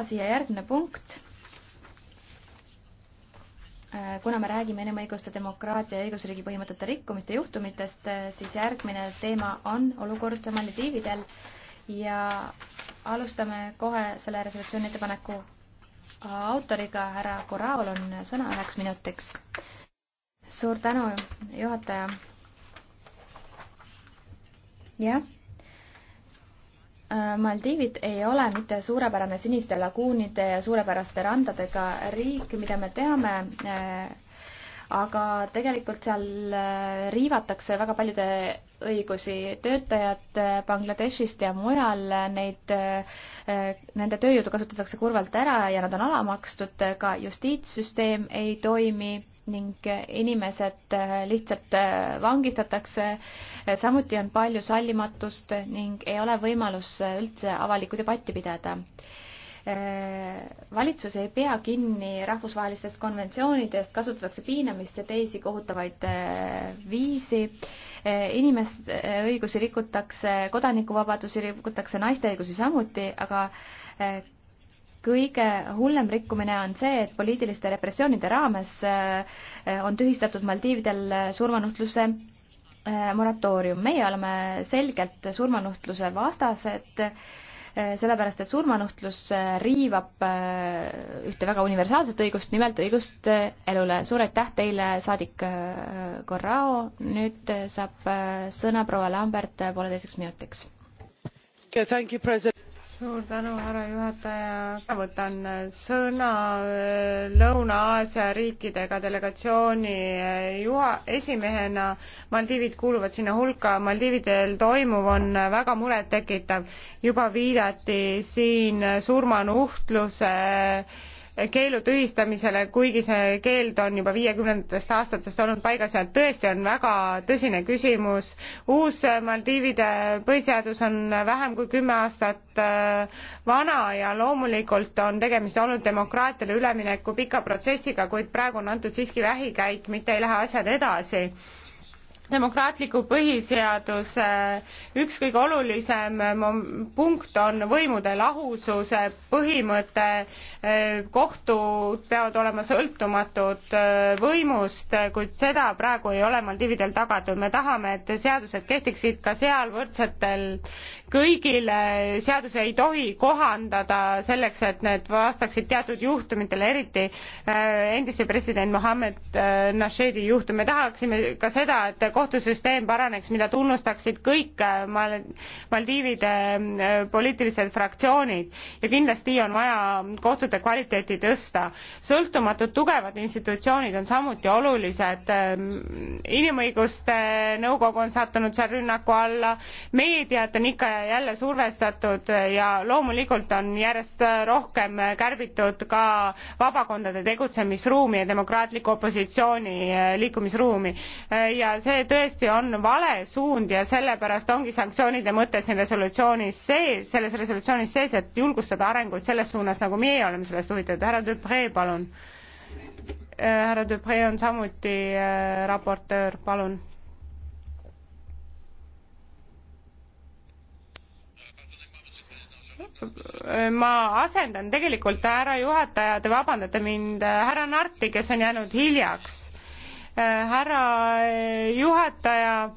edasi ja järgmine punkt äh, kuna me räägime inimõiguste, demokraatia ja õigusriigi põhimõtete rikkumiste juhtumitest, äh, siis järgmine teema on olukord Maldiividel ja alustame kohe selle resolutsiooni ettepaneku autoriga, härra Koraol on sõna üheks minutiks. suur tänu, juhataja. jah Äh, Maldiivid ei ole mitte suurepärane siniste laguunide ja suurepäraste randadega riik, mida me teame, äh, aga tegelikult seal äh, riivatakse väga paljude õigusi. töötajad Bangladeshist ja mujal, neid, nende tööjõudu kasutatakse kurvalt ära ja nad on alamakstud, ka justiitssüsteem ei toimi ning inimesed äh, lihtsalt äh, vangistatakse. samuti on palju sallimatust ning ei ole võimalus äh, üldse avalikku debatti pidada. valitsus ei pea kinni rahvusvahelistest konventsioonidest, kasutatakse piinamist ja teisi kohutavaid viisi. inimeste õigusi rikutakse, kodanikuvabadusi rikutakse, naiste õigusi samuti, aga kõige hullem rikkumine on see, et poliitiliste repressioonide raames äh, on tühistatud Maldiividel äh, surmanuhtluse äh, moratoorium. meie oleme selgelt surmanuhtluse vastased, sellepärast et surmanuhtlus riivab ühte väga universaalset õigust, nimelt õigust elule. suur aitäh teile, saadik Corrao, nüüd saab sõna proua Lambert pooleteiseks minutiks suur tänu, härra juhataja. võtan sõna äh, Lõuna-Aasia riikidega delegatsiooni äh, juha-, esimehena. Maldiivid kuuluvad sinna hulka. Maldiividel toimuv on äh, väga murettekitav. juba viidati siin surmanuhtluse keelu tühistamisele, kuigi see keeld on juba viiekümnendatest aastatest olnud paigas ja tõesti on väga tõsine küsimus. uus Maldiivide põhiseadus on vähem kui kümme aastat äh, vana ja loomulikult on tegemist olnud demokraatiale ülemineku pika protsessiga, kuid praegu on antud siiski vähikäik, mitte ei lähe asjad edasi demokraatliku põhiseaduse üks kõige olulisem mm, punkt on võimude lahususe põhimõte, kohtud peavad olema sõltumatud võimust, kuid seda praegu ei ole Maldiividel tagatud. me tahame, et seadused kehtiksid ka seal võrdsetel kõigile, seadusi ei tohi kohandada selleks, et need vastaksid teatud juhtumitele, eriti äh, endise presidendi Mohammed äh, Nasheedi juhtum. me tahaksime ka seda, et kohtusüsteem paraneks, mida tunnustaksid kõik äh, Mal-, Maldiivide äh, äh, poliitilised fraktsioonid ja kindlasti on vaja kohtute kvaliteeti tõsta. sõltumatud tugevad institutsioonid on samuti olulised, ähm, inimõiguste nõukogu on sattunud seal rünnaku alla, meediat on ikka ja jälle survestatud ja loomulikult on järjest rohkem kärbitud ka vabakondade tegutsemisruumi ja demokraatliku opositsiooni liikumisruumi ja see tõesti on vale suund ja sellepärast ongi sanktsioonide mõte siin resolutsioonis sees, selles resolutsioonis sees, et julgustada arenguid selles suunas, nagu meie oleme sellest huvitatud. härra Dupree, palun. Äh, härra Dupree on samuti äh, raportöör, palun ma asendan tegelikult härra juhataja, te vabandate mind, äh, härra Narti, kes on jäänud hiljaks härra eh, juhataja,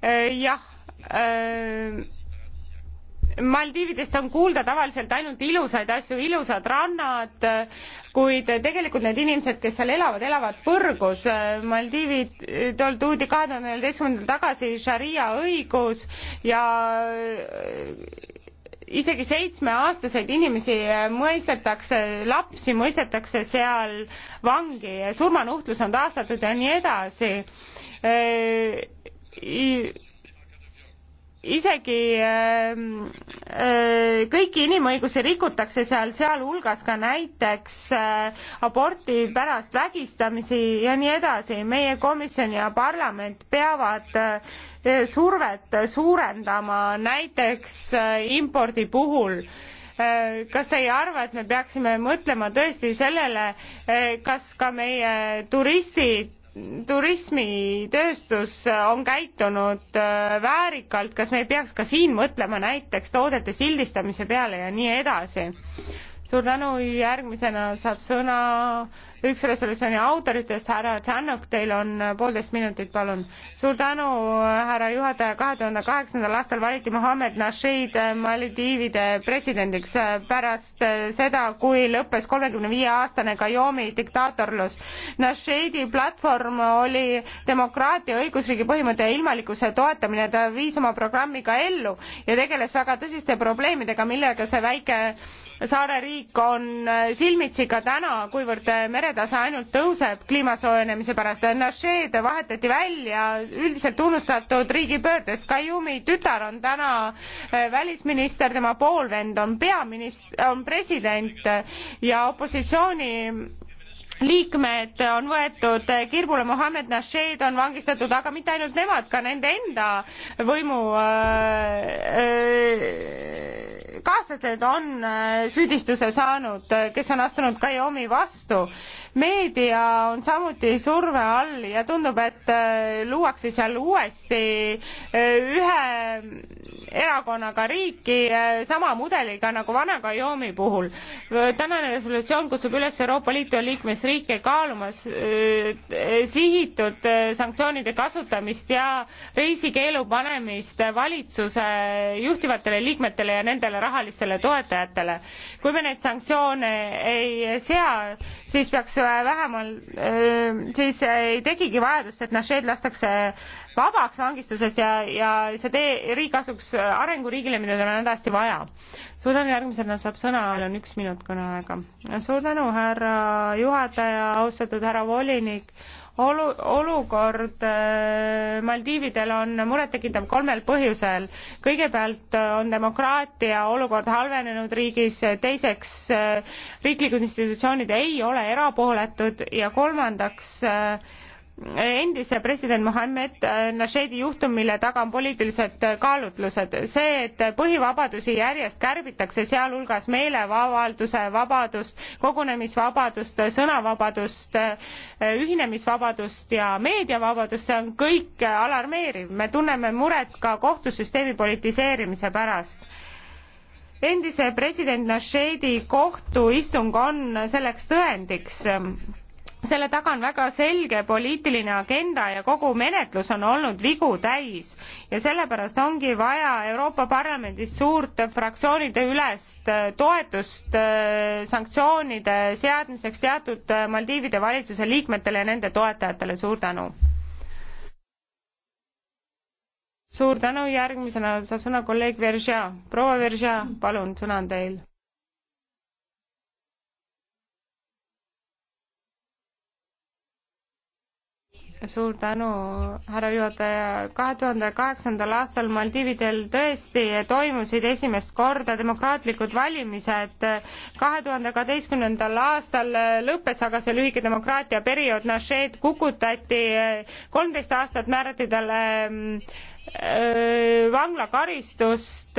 eh, jah eh, Maldiividest on kuulda tavaliselt ainult ilusaid asju, ilusad rannad, kuid tegelikult need inimesed, kes seal elavad, elavad põrgus. Maldiivid, tol tuudi kahe tuhande neljateistkümnendal tagasi šaria õigus ja isegi seitsmeaastaseid inimesi äh, mõistetakse, lapsi mõistetakse seal vangi, surmanuhtlus on taastatud ja nii edasi äh, isegi ähm, äh, kõiki inimõigusi rikutakse seal, sealhulgas ka näiteks äh, aborti pärast vägistamisi ja nii edasi. meie komisjon ja parlament peavad äh, survet suurendama näiteks impordi puhul kas te ei arva, et me peaksime mõtlema tõesti sellele, kas ka meie turistid turismitööstus on käitunud äh, väärikalt, kas me ei peaks ka siin mõtlema näiteks toodete sildistamise peale ja nii edasi? suur tänu, järgmisena saab sõna üks resolutsiooni autoritest, härra Tšannok, teil on äh, poolteist minutit, palun. suur tänu, härra juhataja, kahe tuhande kaheksandal aastal valiti Mohammed Nasheed äh, Maldiivide presidendiks äh, pärast seda, kui lõppes kolmekümne viie aastane Kajomi diktaatorlus. Nasheedi platvorm oli demokraatia, õigusriigi põhimõte ja ilmalikkuse toetamine, ta viis oma programmi ka ellu ja tegeles väga tõsiste probleemidega, millega see väike saareriik on silmitsi ka täna, kuivõrd mere hinnatase ainult tõuseb kliima soojenemise pärast. Nasheed vahetati välja üldiselt tunnustatud riigipöördest. Kaiumi tütar on täna eh, välisminister, tema poolvend on peaminist-, on president ja opositsiooni liikmed on võetud kirbule, Mohammed Nasheed on vangistatud, aga mitte ainult nemad, ka nende enda võimu eh, eh, kaaslased on süüdistuse saanud, kes on astunud Kaiomi vastu meedia on samuti surve all ja tundub, et äh, luuakse seal uuesti äh, ühe erakonnaga riiki äh, sama mudeliga nagu vana Gajomi puhul. tänane resolutsioon kutsub üles Euroopa Liitu ja liikmesriike kaalumas sihitud sanktsioonide kasutamist ja reisikeelu panemist valitsuse juhtivatele liikmetele ja nendele rahalistele toetajatele. kui me neid sanktsioone ei sea, siis peaks kaitseväe vähemal, siis ei tekigi vajadust, et Nasheed lastakse vabaks vangistusest ja, ja see tee riik asuks arenguriigile, mida tal on hädasti vaja. suur tänu, järgmisena saab sõna, on üks minut kõneaega. suur tänu, härra juhataja, austatud härra volinik olu-, olukord äh, Maldiividel on murettekitav kolmel põhjusel. kõigepealt äh, on demokraatia olukord halvenenud riigis, teiseks äh, riiklikud institutsioonid ei ole erapooletud ja kolmandaks endise president Mohammed äh, Nasheedi juhtum, mille taga on poliitilised äh, kaalutlused. see, et põhivabadusi järjest kärbitakse, sealhulgas meelevabaduse vabadust, kogunemisvabadust, sõnavabadust, äh, ühinemisvabadust ja meediavabadust, see on kõik alarmeeriv. me tunneme muret ka kohtusüsteemi politiseerimise pärast endise president Nasheedi kohtuistung on selleks tõendiks selle taga on väga selge poliitiline agenda ja kogu menetlus on olnud vigu täis ja sellepärast ongi vaja Euroopa Parlamendis suurt fraktsioonide ülest äh, toetust äh, sanktsioonide seadmiseks teatud äh, Maldiivide valitsuse liikmetele ja nende toetajatele, suur tänu! suur tänu, järgmisena saab sõna kolleeg Veržia, proua Veržia, palun, sõna on teil suur tänu, härra juhataja. kahe tuhande kaheksandal aastal Maldiividel tõesti toimusid esimest korda demokraatlikud valimised. kahe tuhande kaheteistkümnendal aastal lõppes aga see lühike demokraatia periood, Nasheed kukutati, kolmteist aastat määrati talle mm, äh, vanglakaristust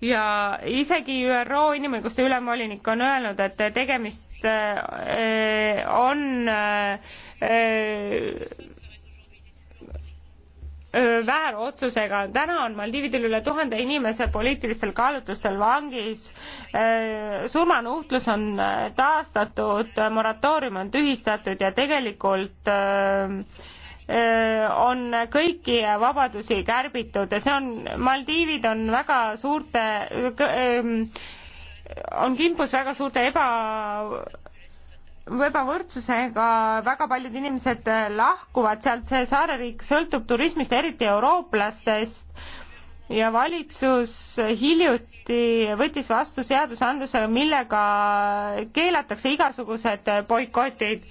ja isegi ÜRO inimõiguste ülemvolinik on öelnud, et tegemist äh, on äh, äh, väärotsusega. täna on Maldiividel üle tuhande inimese poliitilistel kaalutlustel vangis. surmanuhtlus on taastatud, moratoorium on tühistatud ja tegelikult öö, Äh, on kõiki vabadusi kärbitud ja see on, Maldiivid on väga suurte, ähm, on kimpus väga suurte eba ebavõrdsusega väga paljud inimesed äh, lahkuvad sealt, see saareriik sõltub turismist, eriti eurooplastest ja valitsus hiljuti võttis vastu seadusandluse, millega keelatakse igasugused boikotid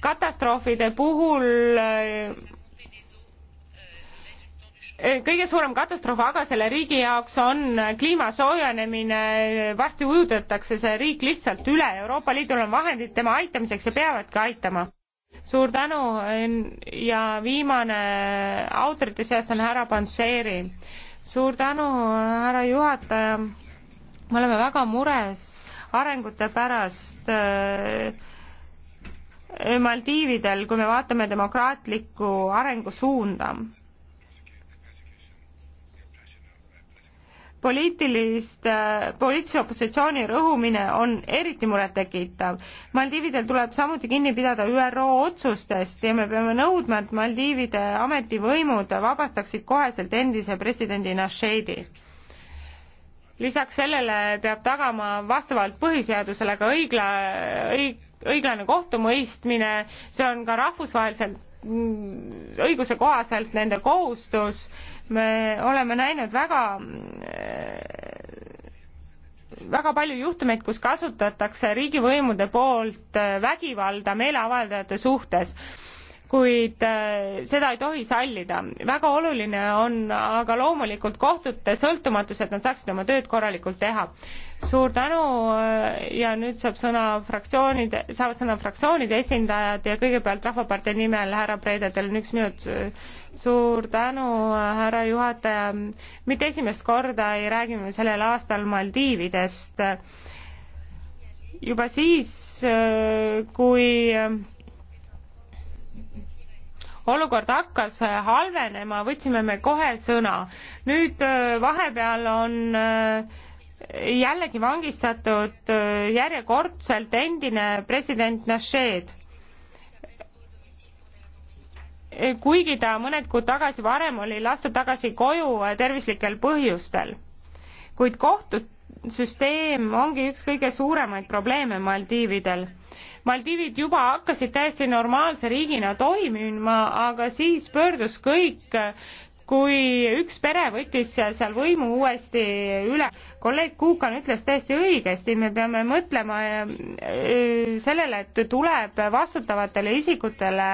katastroofide puhul eh, eh, kõige suurem katastroof aga selle riigi jaoks on kliima soojenemine, varsti ujutatakse see riik lihtsalt üle, Euroopa Liidul on vahendid tema aitamiseks ja peavadki aitama. suur tänu ja viimane autorite seast on härra Panseri. suur tänu, härra juhataja, me oleme väga mures arengute pärast äh, Maldiividel, kui me vaatame demokraatlikku arengusuunda. poliitilist, poliitilise opositsiooni rõhumine on eriti murettekitav. Maldiividel tuleb samuti kinni pidada ÜRO otsustest ja me peame nõudma, et Maldiivide ametivõimud vabastaksid koheselt endise presidendi Nasheedi lisaks sellele peab tagama vastavalt põhiseadusele ka õigla, õig-, õiglane kohtumõistmine, see on ka rahvusvaheliselt õiguse kohaselt nende kohustus, me oleme näinud väga väga palju juhtumeid, kus kasutatakse riigivõimude poolt vägivalda meeleavaldajate suhtes kuid äh, seda ei tohi sallida. väga oluline on aga loomulikult kohtute sõltumatus, et nad saaksid oma tööd korralikult teha. suur tänu äh, ja nüüd saab sõna fraktsioonide, saavad sõna fraktsioonide esindajad ja kõigepealt Rahvapartei nimel härra Preede, teil on üks minut. suur tänu, äh, härra juhataja. mitte esimest korda ei räägi me sellel aastal Maldiividest. juba siis, kui olukord hakkas äh, halvenema, võtsime me kohe sõna. nüüd äh, vahepeal on äh, jällegi vangistatud järjekordselt endine president Nasheed. kuigi ta mõned kuud tagasi varem oli lastud tagasi koju tervislikel põhjustel, kuid kohtud süsteem ongi üks kõige suuremaid probleeme Maldiividel. Maldiivid juba hakkasid täiesti normaalse riigina toimima, aga siis pöördus kõik kui üks pere võttis seal võimu uuesti üle. kolleeg Kuukan ütles täiesti õigesti, me peame mõtlema äh, sellele, et tuleb vastutavatele isikutele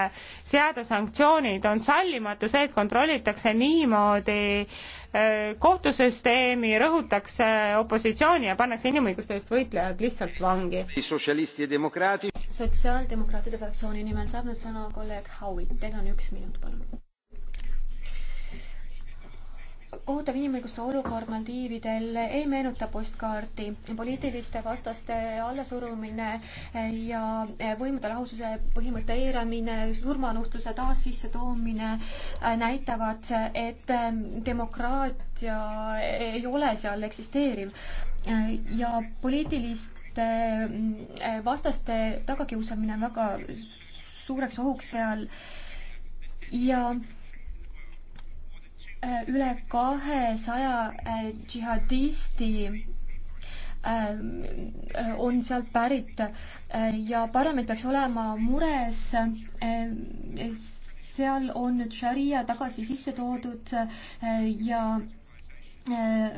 seada sanktsioonid, on sallimatu see, et kontrollitakse niimoodi äh, Äh, kohtusüsteemi, rõhutakse opositsiooni ja pannakse inimõiguste eest võitlejad lihtsalt vangi. sotsiaaldemokraatide fraktsiooni nimel saab nüüd sõna kolleeg Howitt, teil on üks minut, palun kohutav inimõiguste olukord Maldiividel ei meenuta postkaarti. poliitiliste vastaste allasurumine ja võimude lahususe põhimõtte eiramine, surmanuhtluse taassissetoomine äh, näitavad, et ähm, demokraatia ei ole seal eksisteeriv äh, ja poliitiliste äh, vastaste tagakiusamine on väga suureks ohuks seal ja üle kahesaja äh, džihadisti ähm, on sealt pärit äh, ja parlament peaks olema mures. Äh, seal on nüüd šaria tagasi sisse toodud ja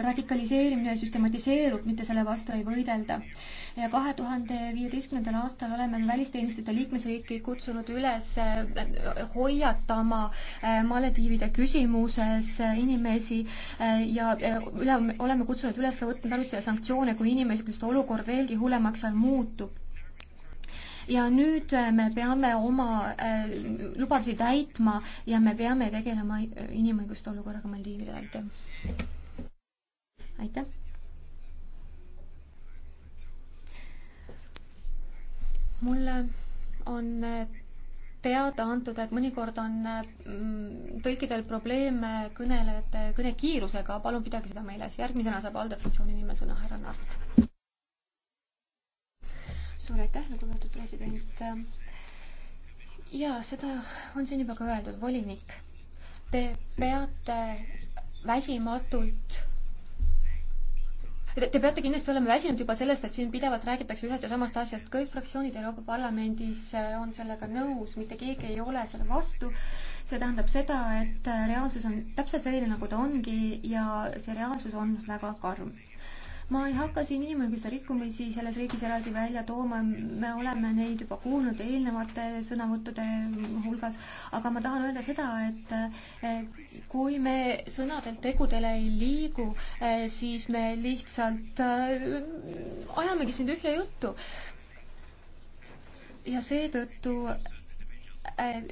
radikaliseerimine süstematiseerub, mitte selle vastu ei võidelda kahe tuhande viieteistkümnendal aastal oleme välisteenistujate liikmesriiki kutsunud üles äh, hoiatama äh, Malediivide küsimuses äh, inimesi ja üle, oleme kutsunud üles ka võtma tarvitusele sanktsioone, kui inimesest olukord veelgi hullemaks seal muutub ja nüüd me peame oma lubadusi täitma ja me peame tegelema inimõiguste olukorraga Maldiividel, aitäh. aitäh. mulle on äh, teada antud, et mõnikord on äh, mm, tõlkidel probleeme kõnelejate kõnekiirusega, palun pidage seda meeles. järgmisena saab ALDE fraktsiooni nimel sõna härra Naart. suur aitäh, lugupeetud president. Äh, ja seda on siin juba ka öeldud, volinik, te peate väsimatult Te peate kindlasti olema väsinud juba sellest, et siin pidevalt räägitakse ühest ja samast asjast. kõik fraktsioonid Euroopa Parlamendis äh, on sellega nõus, mitte keegi ei ole selle vastu. see tähendab seda, et äh, reaalsus on täpselt selline, nagu ta ongi ja see reaalsus on väga karm ma ei hakka siin inimõiguste rikkumisi selles riigis eraldi välja tooma, me oleme neid juba kuulnud eelnevate sõnavõttude hulgas, aga ma tahan öelda seda, et kui me sõnadelt tegudele ei liigu, eh, siis me lihtsalt eh, ajamegi siin tühja juttu. ja seetõttu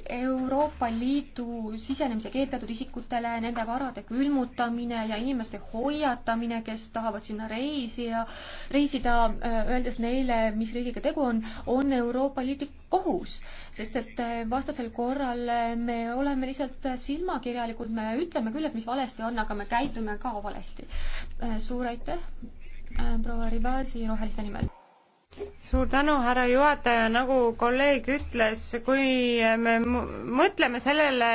Euroopa Liidu sisenemise keeldatud isikutele nende varade külmutamine ja inimeste hoiatamine, kes tahavad sinna reisija, reisida, äh, öeldes neile, mis riigiga tegu on, on Euroopa Liidu kohus, sest et äh, vastasel korral äh, me oleme lihtsalt silmakirjalikud, me ütleme küll, et mis valesti on, aga me käitume ka valesti. suur aitäh, proua Ribasi roheliste nimel suur tänu, härra juhataja, nagu kolleeg ütles, kui me mõtleme sellele,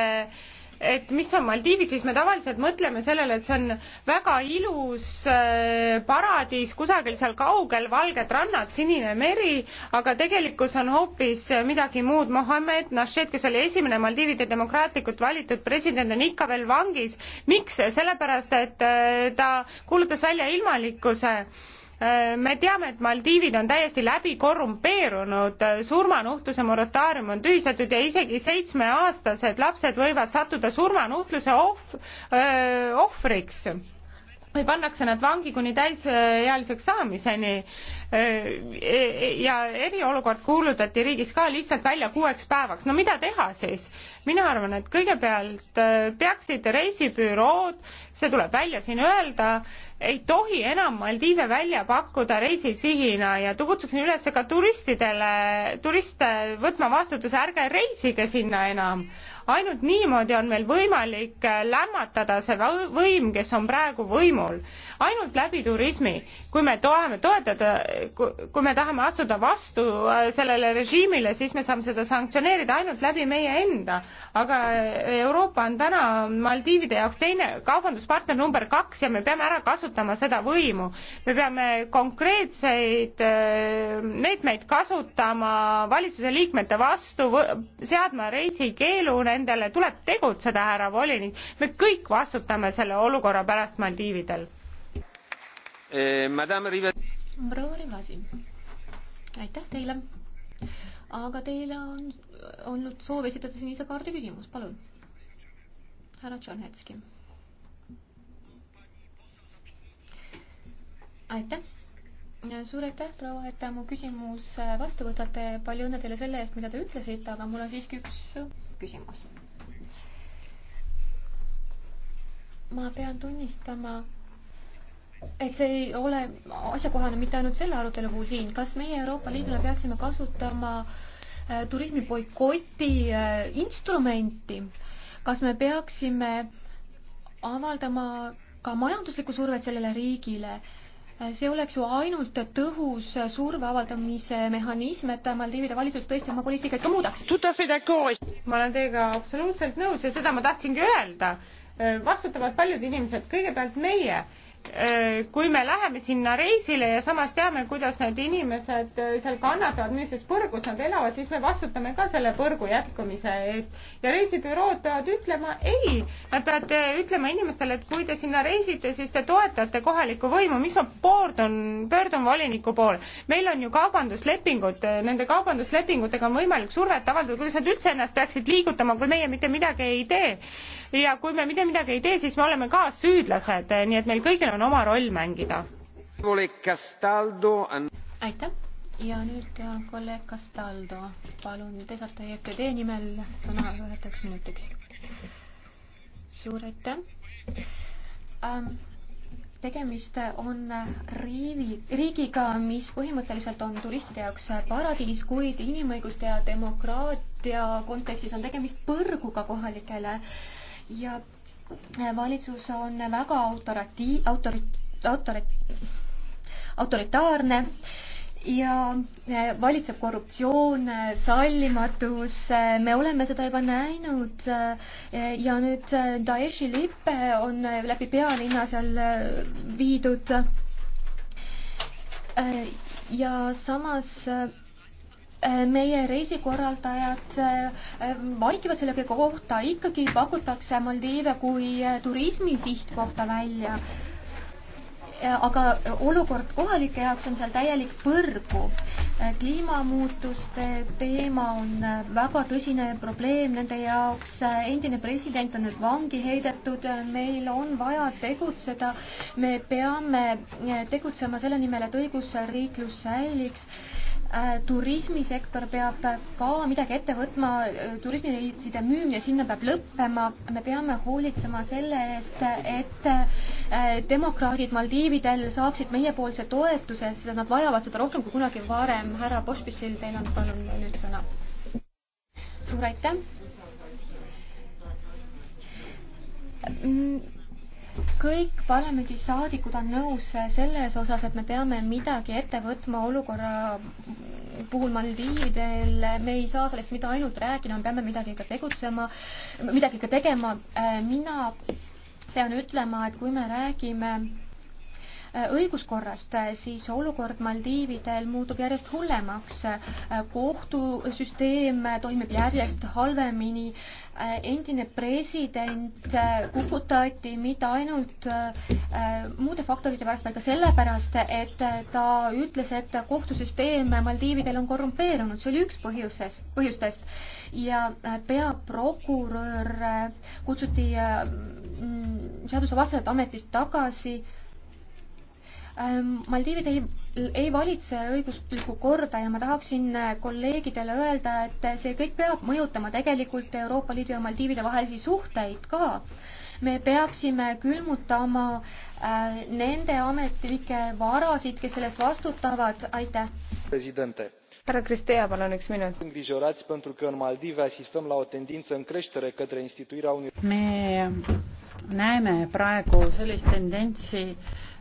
et mis on Maldiivid, siis me tavaliselt mõtleme sellele, et see on väga ilus äh, paradiis kusagil seal kaugel, valged rannad, sinine meri, aga tegelikkus on hoopis midagi muud. Mohammed Nasheed, kes oli esimene Maldiivide demokraatlikult valitud president, on ikka veel vangis. miks? sellepärast, et äh, ta kuulutas välja ilmalikkuse Äh, me teame, et Maldiivid on täiesti läbi korrumpeerunud, surmanuhtluse moratoorium on tühistatud ja isegi seitsmeaastased lapsed võivad sattuda surmanuhtluse ohv-, äh, ohvriks või pannakse nad vangi kuni täisealiseks saamiseni. ja eriolukord kuulutati riigis ka lihtsalt välja kuueks päevaks. no mida teha siis? mina arvan, et kõigepealt äh, peaksid reisibürood, see tuleb välja siin öelda, ei tohi enam Maldiive välja pakkuda reisisihina ja kutsuksin üles ka turistidele, turiste võtma vastutuse, ärge reisige sinna enam ainult niimoodi on meil võimalik äh, lämmatada see võim, kes on praegu võimul ainult läbi turismi. kui me tahame toetada, kui me tahame astuda vastu äh, sellele režiimile, siis me saame seda sanktsioneerida ainult läbi meie enda. aga äh, Euroopa on täna Maldiivide jaoks teine kaubanduspartner number kaks ja me peame ära kasutama seda võimu. me peame konkreetseid äh, meetmeid kasutama valitsuse liikmete vastu, seadma reisikeelu nendele, tuleb tegutseda, härra volinik. me kõik vastutame selle olukorra pärast Maldiividel. Eh, proua Rivasi, aitäh teile. aga teile on olnud soov esitada sinise kaardi küsimus, palun. härra Tšernetski. aitäh suur aitäh, proua, et mu küsimus vastu võtate. palju õnne teile selle eest, mida te ütlesite, aga mul on siiski üks küsimus. ma pean tunnistama, et see ei ole asjakohane mitte ainult selle arutelu puhul siin, kas meie Euroopa Liiduna peaksime kasutama äh, turismi boikoti äh, instrumenti, kas me peaksime avaldama ka majanduslikku survet sellele riigile, äh, see oleks ju ainult tõhus surve avaldamise mehhanism, et Maldiivide valitsus tõesti oma poliitikaid ka muudaks. ma olen teiega absoluutselt nõus ja seda ma tahtsingi öelda. vastutavad paljud inimesed, kõigepealt meie Äh, kui me läheme sinna reisile ja samas teame, kuidas need inimesed äh, seal kannatavad, millises põrgus nad elavad, siis me vastutame ka selle põrgu jätkumise eest. ja reisibürood peavad ütlema ei, nad peavad äh, ütlema inimestele, et kui te sinna reisite, siis te toetate kohalikku võimu, mis on, pöördun, pöördun voliniku poole. meil on ju kaubanduslepingud, nende kaubanduslepingutega on võimalik survet avaldada, kuidas nad üldse ennast peaksid liigutama, kui meie mitte midagi ei tee ja kui me mitte midagi ei tee, siis me oleme ka süüdlased, nii et meil kõigil on oma roll mängida. aitäh ja nüüd kolleeg Castaldo, palun, te saate EFTD nimel sõna üheteks minutiks. suur aitäh ähm, tegemist on riivi, riigiga, mis põhimõtteliselt on turistide jaoks paradiis, kuid inimõiguste ja demokraatia kontekstis on tegemist põrguga kohalikele äh, ja äh, valitsus on väga autorati-, autori-, autori-, autoritaarne ja äh, valitseb korruptsioon, sallimatus, äh, me oleme seda juba näinud ja nüüd Daeshi lippe on läbi pealinna seal viidud ja samas Äh, meie reisikorraldajad äh, äh, vaikivad selle kõige kohta, ikkagi pakutakse Maldiive kui turismisihtkohta välja. aga olukord kohalike jaoks on seal täielik põrgu. kliimamuutuste teema on väga tõsine probleem nende jaoks, endine president on nüüd vangi heidetud, meil on vaja tegutseda, me peame tegutsema selle nimel, et õigusriiklus säiliks Äh, turismisektor peab ka midagi ette võtma, äh, turismireiside müümine sinna peab lõppema, me peame hoolitsema selle eest, et äh, demokraadid Maldiividel saaksid meiepoolse toetuse, sest nad vajavad seda rohkem kui kunagi varem. härra Pospisil, teil on palun nüüd sõna. suur aitäh mm, kõik parlamendisaadikud on nõus selles osas, et me peame midagi ette võtma olukorra puhul Maldiividel, me ei saa sellest mitte ainult rääkida, me peame midagi ka tegutsema, midagi ka tegema. mina pean ütlema, et kui me räägime Äh, õiguskorrast, äh, siis olukord Maldiividel muutub järjest hullemaks. Äh, kohtusüsteem toimib järjest halvemini. endine president kukutati mitte ainult muude faktorite pärast, vaid ka sellepärast, et ta ütles, et kohtusüsteem Maldiividel on korrumpeerunud, see oli üks põhjusest, põhjustest ja peaprokurör kutsuti mm, seadusevastaselt ametist tagasi Ehm, Maldiivid ei, ei valitse õiguslikku korda ja ma tahaksin äh, kolleegidele öelda, et äh, see kõik peab mõjutama tegelikult Euroopa Liidu ja Maldiivide vahelisi suhteid ka. me peaksime külmutama äh, nende ametnike varasid, kes sellest vastutavad, aitäh. härra Kristea, palun üks minut. me näeme praegu sellist tendentsi,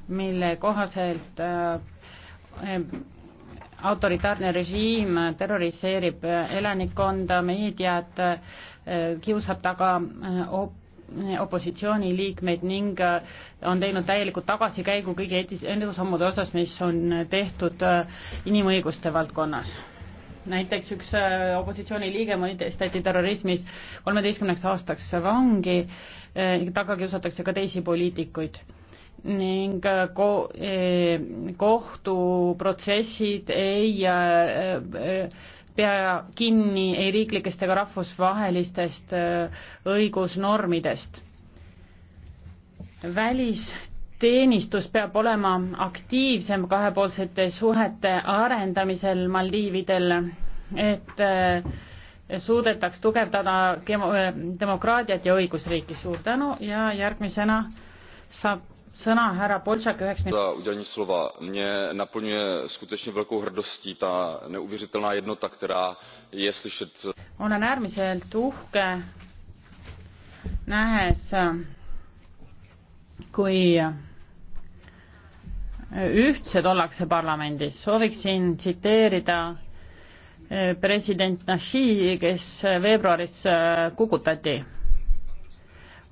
mille kohaselt äh, autoritaarne režiim terroriseerib äh, elanikkonda, meediat, äh, kiusab taga op-, opositsiooniliikmeid ning on teinud täieliku tagasikäigu kõigi edusammude osas, mis on tehtud inimõiguste valdkonnas. näiteks üks opositsiooniliige mõisteti terrorismis kolmeteistkümneks aastaks vangi, taga kiusatakse ka teisi poliitikuid ning äh, ko-, äh, kohtuprotsessid ei äh, pea kinni ei riiklikest ega rahvusvahelistest õigusnormidest. välisteenistus peab olema aktiivsem kahepoolsete suhete arendamisel Maldiividel, et suudetaks tugevdada demokraatiat ja õigusriiki. suur tänu ja järgmisena saab sõna härra Poltšak üheks minutiks. mě naplňuje skutečně velkou hrdostí ta neuvěřitelná jednota, která je slyšet. Olen äärmiselt uhke nähes, kui ühtsed ollakse parlamendis. sooviksin tsiteerida eh, president Nashi, kes veebruaris eh, kukutati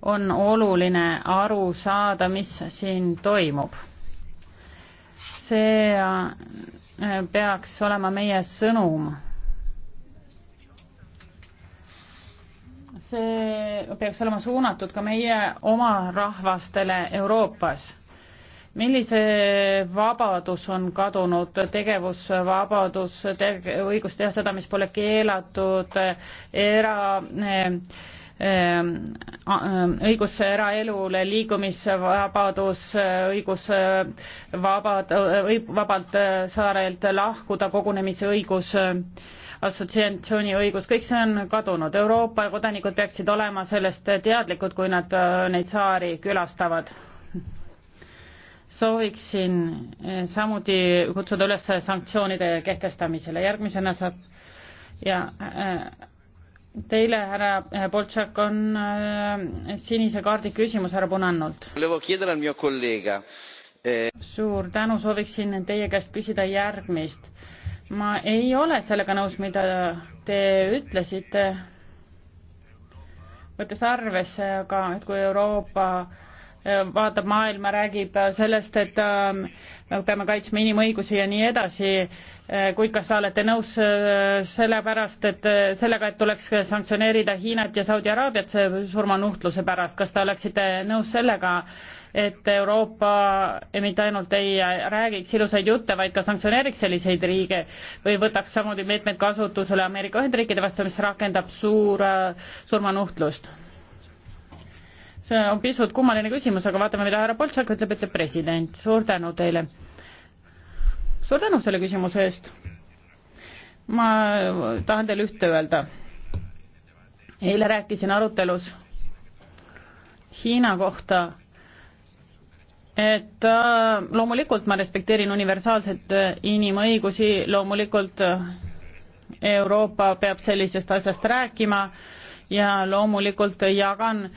on oluline aru saada, mis siin toimub. see äh, peaks olema meie sõnum. see peaks olema suunatud ka meie oma rahvastele Euroopas. millise vabadus on kadunud, tegevusvabadus tege,, õigus teha seda, mis pole keelatud, era- eh,, Ehm, ehm, õigus eraelule, liigumisvabadus, äh, õigus äh, vabad, äh, vabalt saarelt lahkuda, kogunemise õigus, assotsiatsiooni õigus, kõik see on kadunud. Euroopa kodanikud peaksid olema sellest teadlikud, kui nad neid saari külastavad. sooviksin samuti kutsuda üles sanktsioonide kehtestamisele. järgmisena saab ja äh, Teile, härra äh, Boltšak, on äh, sinise kaardi küsimus härra Punannult. Eh, suur tänu, sooviksin teie käest küsida järgmist. ma ei ole sellega nõus, mida te ütlesite, võttes arvesse aga, et kui Euroopa äh, vaatab maailma, räägib sellest, et ähm, me peame kaitsma inimõigusi ja nii edasi, äh, kuid kas te olete nõus äh, sellepärast, et äh, sellega, et tuleks sanktsioneerida Hiinat ja Saudi Araabiat surmanuhtluse pärast, kas te oleksite nõus sellega, et Euroopa mitte ainult ei räägiks ilusaid jutte, vaid ka sanktsioneeriks selliseid riige või võtaks samuti meetmed kasutusele Ameerika Ühendriikide vastu, mis rakendab suur surmanuhtlust? see on pisut kummaline küsimus, aga vaatame, mida härra Boltšak ütleb, ütleb president, suur tänu teile. suur tänu selle küsimuse eest. ma tahan teile ühte öelda. eile rääkisin arutelus Hiina kohta, et äh, loomulikult ma respekteerin universaalseid äh, inimõigusi, loomulikult äh, Euroopa peab sellisest asjast rääkima ja loomulikult jagan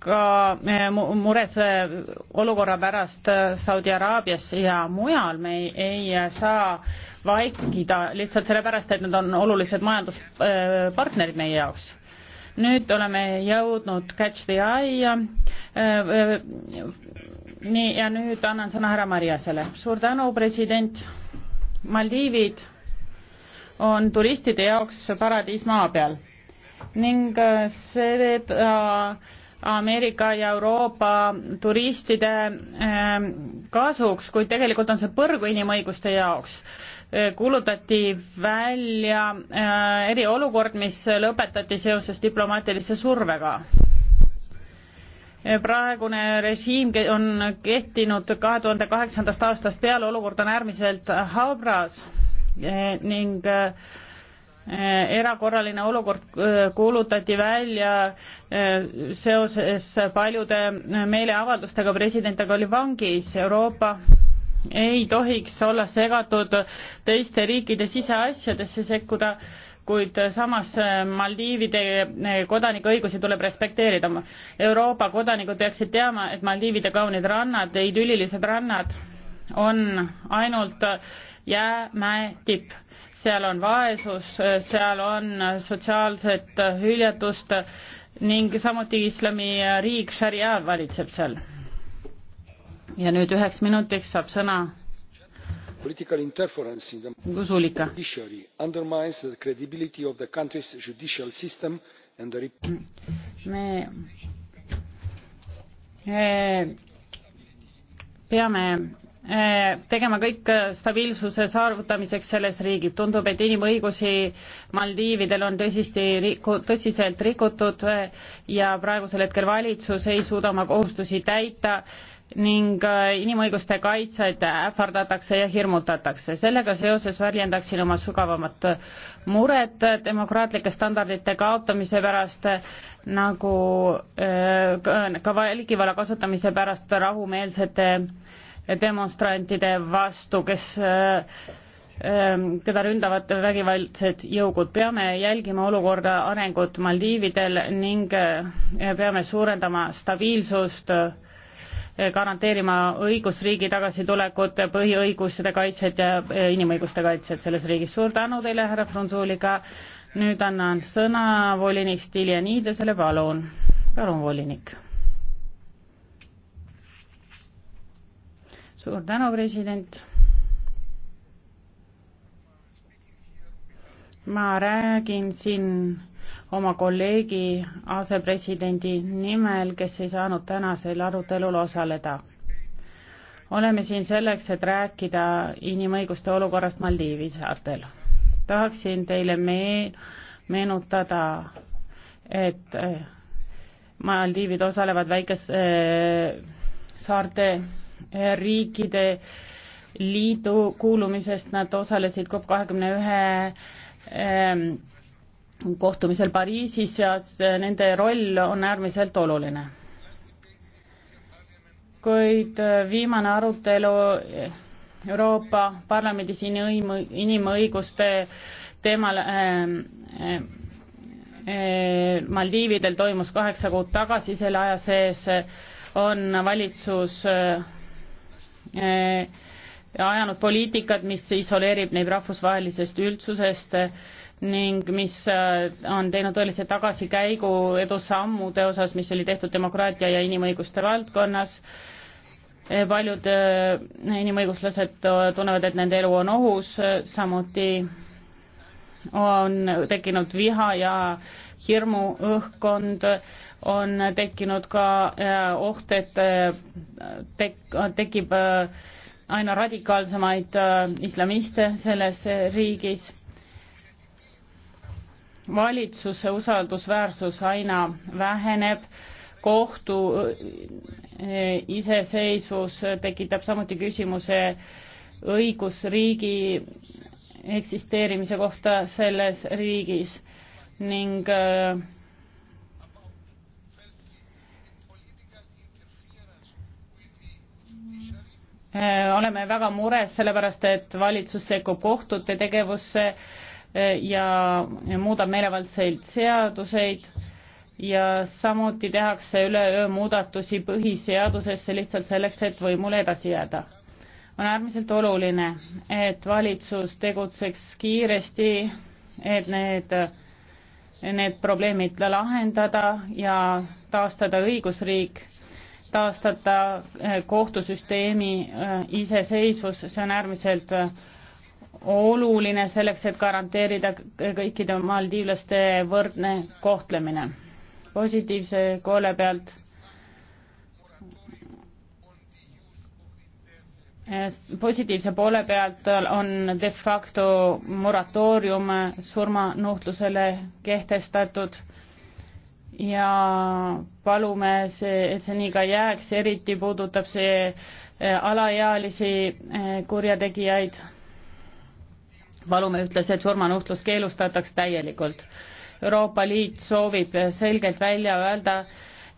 ka eh, mures eh, olukorra pärast eh, Saudi Araabias ja mujal. me ei, ei saa vaikida lihtsalt sellepärast, et nad on olulised majanduspartnerid meie jaoks. nüüd oleme jõudnud Catch the Eye. nii ja nüüd annan sõna härra Mariasele. suur tänu, president. Maldiivid on turistide jaoks paradiis maa peal ning seda Ameerika ja Euroopa turistide ähm, kasuks, kuid tegelikult on see põrgu inimõiguste jaoks. Äh, kuulutati välja äh, eriolukord, mis lõpetati seoses diplomaatilise survega. Äh, praegune režiim on kehtinud kahe tuhande kaheksandast aastast peale, olukord on äärmiselt habras ning Äh, erakorraline olukord äh, kuulutati välja äh, seoses paljude meeleavaldustega, president aga oli vangis, Euroopa ei tohiks olla segatud teiste riikide siseasjadesse sekkuda, kuid samas Maldiivide kodanikuõigusi tuleb respekteerida. Euroopa kodanikud peaksid teama, et Maldiivide kaunid rannad, idüllilised rannad on ainult jäämäe tipp seal on vaesus, seal on sotsiaalset hüljatust ning samuti islamiriik šaria valitseb seal. ja nüüd üheks minutiks saab sõna political interference in the judiciary undermines the credibility of the country's judicial system and the me, me eh, peame Eh, tegema kõik eh, stabiilsuse saavutamiseks selles riigib. tundub, et inimõigusi Maldiividel on tõsisti riku, tõsiselt rikutud eh, ja praegusel hetkel valitsus ei suuda oma kohustusi täita ning inimõiguste kaitsjaid ähvardatakse ja hirmutatakse. sellega seoses väljendaksin oma sügavamat muret demokraatlike standardite kaotamise pärast nagu ka vägivalla kasutamise pärast rahumeelsete demonstrantide vastu, kes ähm, keda ründavad vägivaldsed jõugud. peame jälgima olukorda arengut Maldiividel ning äh, peame suurendama stabiilsust, äh, garanteerima õigusriigi tagasitulekut, põhiõiguste kaitset ja äh, inimõiguste kaitset selles riigis. suur tänu teile, härra Frunzulika. nüüd annan sõna volinik Stiljanidesele, palun. palun, volinik suur tänu, president. ma räägin siin oma kolleegi asepresidendi nimel, kes ei saanud tänasel arutelul osaleda. oleme siin selleks, et rääkida inimõiguste olukorrast Maldiivi saartel. tahaksin teile me-, meenutada, et eh, Maldiivid osalevad väikese eh, saarte riikide liidu kuulumisest, nad osalesid COP kahekümne ühe ähm, kohtumisel Pariisis ja nende roll on äärmiselt oluline. kuid äh, viimane arutelu äh, Euroopa Parlamendis inimõiguste teemal äh, äh, Maldiividel toimus kaheksa kuud tagasi, selle aja sees äh, on valitsus äh, Äh, ajanud poliitikat, mis isoleerib neid rahvusvahelisest üldsusest ning mis äh, on teinud tõelise tagasikäigu edusammude osas, mis oli tehtud demokraatia ja inimõiguste valdkonnas. Äh, paljud inimõiguslased tunnevad, et nende elu on ohus, samuti on tekkinud viha ja hirmuõhkkond, on tekkinud ka äh, oht, et äh, tek-, tekib äh, aina radikaalsemaid islamiste selles riigis. valitsuse usaldusväärsus aina väheneb, kohtu iseseisvus tekitab samuti küsimuse õigusriigi eksisteerimise kohta selles riigis ning äh, oleme väga mures sellepärast, et valitsus sekkub kohtute tegevusse äh, ja, ja muudab meelevaldseid seaduseid ja samuti tehakse üleöö muudatusi põhiseadusesse lihtsalt selleks, et võimule edasi jääda. on äärmiselt oluline, et valitsus tegutseks kiiresti, et need äh, need probleemid lahendada ja taastada õigusriik, taastada eh, kohtusüsteemi eh, iseseisvus, see on äärmiselt eh, oluline selleks, et garanteerida kõikide maldiivlaste võrdne kohtlemine. positiivse poole pealt positiivse poole pealt on de facto moratoorium surmanuhtlusele kehtestatud ja palume see, et see nii ka jääks, eriti puudutab see eh, alaealisi eh, kurjategijaid. palume ühtlasi, et surmanuhtlus keelustataks täielikult. Euroopa Liit soovib selgelt välja öelda,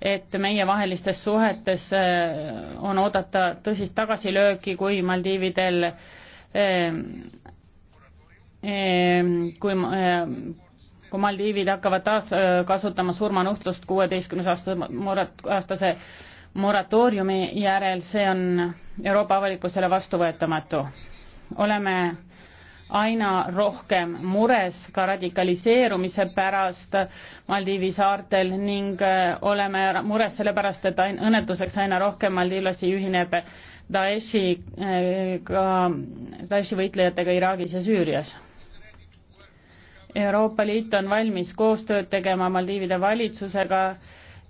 et meievahelistes suhetes äh, on oodata tõsist tagasilööki, kui Maldiividel, äh, äh, kui, kui Maldiivid hakkavad taas kasutama surmanuhtlust kuueteistkümnes aasta morat-, aastase moratooriumi järel, see on Euroopa avalikkusele vastuvõetamatu. oleme aina rohkem mures ka radikaliseerumise pärast Maldiivi saartel ning äh, oleme mures sellepärast, et ain-, õnnetuseks aina rohkem maldiivlasi ühineb Daeshiga, äh, Daeshi võitlejatega Iraagis ja Süürias. Euroopa Liit on valmis koostööd tegema Maldiivide valitsusega,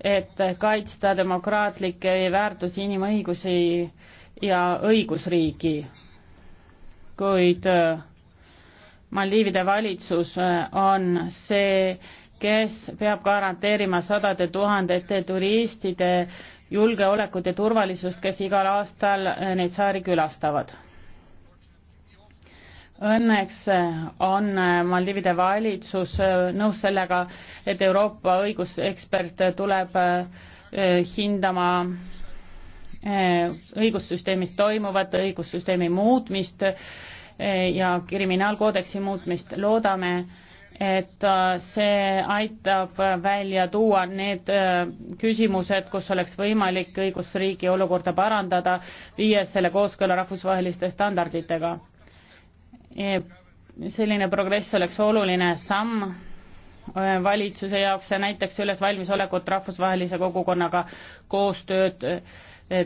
et kaitsta demokraatlikke väärtusi, inimõigusi ja õigusriigi. kuid äh, Maldiivide valitsus äh, on see, kes peab garanteerima sadade tuhandete turistide julgeolekut ja turvalisust, kes igal aastal äh, neid saari külastavad. Õnneks äh, on Maldiivide valitsus nõus sellega, et Euroopa õigusekspert tuleb hindama õigussüsteemis toimuvat, õigussüsteemi muutmist ja kriminaalkoodeksi muutmist. loodame, et äh, see aitab välja tuua need äh, küsimused, kus oleks võimalik õigusriigi olukorda parandada, viies selle kooskõla rahvusvaheliste standarditega. E, selline progress oleks oluline samm äh, valitsuse jaoks ja näitaks üles valmisolekut rahvusvahelise kogukonnaga koostööd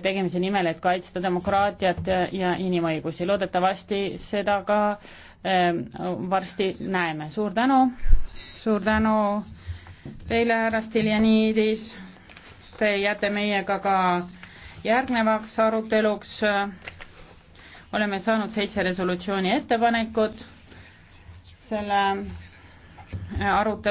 tegemise nimel, et kaitsta demokraatiat ja inimõigusi. loodetavasti seda ka ähm, varsti näeme. suur tänu, suur tänu teile, härra Stiljanidis. Te jääte meiega ka järgnevaks aruteluks. oleme saanud seitse resolutsiooni ettepanekut selle arutelu